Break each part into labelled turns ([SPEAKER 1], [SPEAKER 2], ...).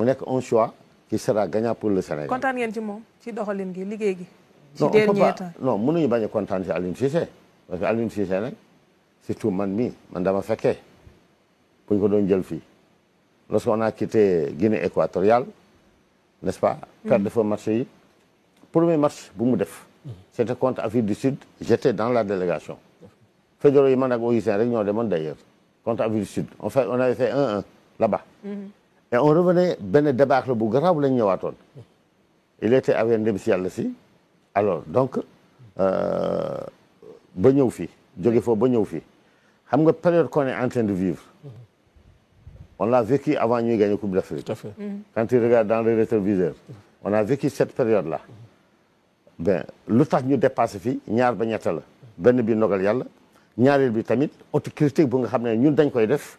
[SPEAKER 1] mu nekk un choix qui sera gagnant pour le Sénégal. kontaan ngeen ci mom ci doxalin gi liggéey gi. non non mënuñu bañ a kontaan ci Aliou Cissé parce que Aliou Cissé c'est tout man mi man dama féké buñ ko doon jël lorsque on a quitté Guinée équatoriale n'est-ce pas. quand de fa match yi premier match bu mu def. c'était contre Afrique du Sud j'étais dans la délégation. fédéral yi man ak Augustin rek ñoo demone d'ailleurs contre Afrique du Sud on fait on avait fait 1-1 là-bas. Mhm et on revenait benn débâcle bu garaaw lañ ñëwaatoon il était avec ndem si yàlla alors donc euh, ba ñëw fii jóge foofu ba ñëw fii xam nga période qu'on est en train de vivre on l'a vécu avant ñuy gagner coupe d'Afrique tout à fait mm-hmm. quand il regarde dans le rétroviseur on a vécu cette période là ben lu tax ñu dépassé fii ñaar ba ñett la benn bi ndogal yàlla ñaareel bi tamit autocritique bu nga xam ne ñun dañ koy def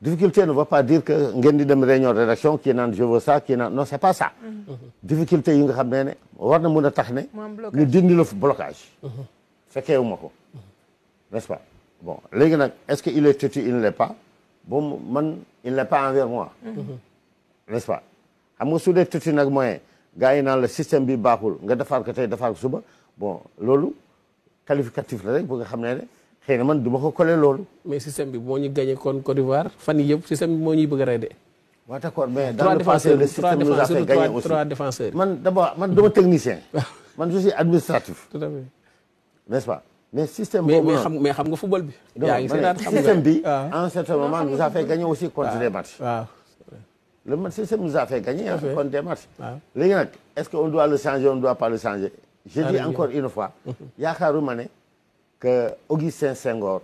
[SPEAKER 1] Difficulté ne veut pas dire que ngeen di une réunion de rédaction qui naan je veux ça qui naan non c'est pas ça. Mm-hmm. Mm-hmm. difficulté yi nga xam ne ne war na mën a tax ne. blocage. Mm-hmm. fekkee wu ma n'est-ce pas bon maintenant, est-ce que il est têtu il ne l'est pas bon man il n'est pas envers moi. n'est-ce pas Si vous êtes dee têtu nag moyen gars yi naan la système bi baaxul nga defar ko tey defar ko suba bon loolu qualificatif la rek bu nga xëy na man en ma ko collé loolu. mais système bi moo ñu gagné kon Côte d'Ivoire fan yi yëpp système bi moo ñuy bëgg a rey de. d'accord mais dans le passé le système nous a fait gagner aussi trois défenseurs man d'abord man duma technicien. man je suis administratif. tout à fait. n'est-ce pas. mais système boobu mais xam nga football bi. système bi. en ce moment nous a fait gagner aussi contre des matchs. le système nous a fait gagner hein, contre des matchs. est-ce que on doit le changer on ne doit pas le changer. je dis encore une fois. yaakaaruma ne que Augustin Senghor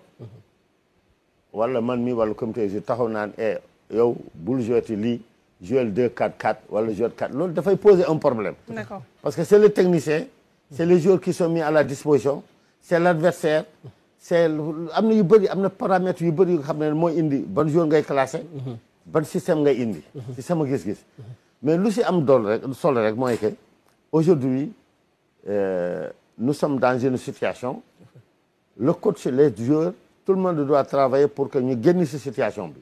[SPEAKER 1] wala man mi le comité je Eh, naan boule yow bul joueti lii le 2 4 4 wala de 4 loolu dafay poser un problème d'accord parce que c'est le technicien c'est les joueurs qui sont mis à la disposition c'est l'adversaire c'est am na yu bëri am na paramètres yu bëri yu nga xam ne indi ban joueur ngay classé ban système ngay indi ci sama gis-gis mais lu si am dool rek solo rek mooy que aujourd'hui euh, nous sommes dans une situation le coach les joueurs tout le monde doit travailler pour que nous gagnions cette situation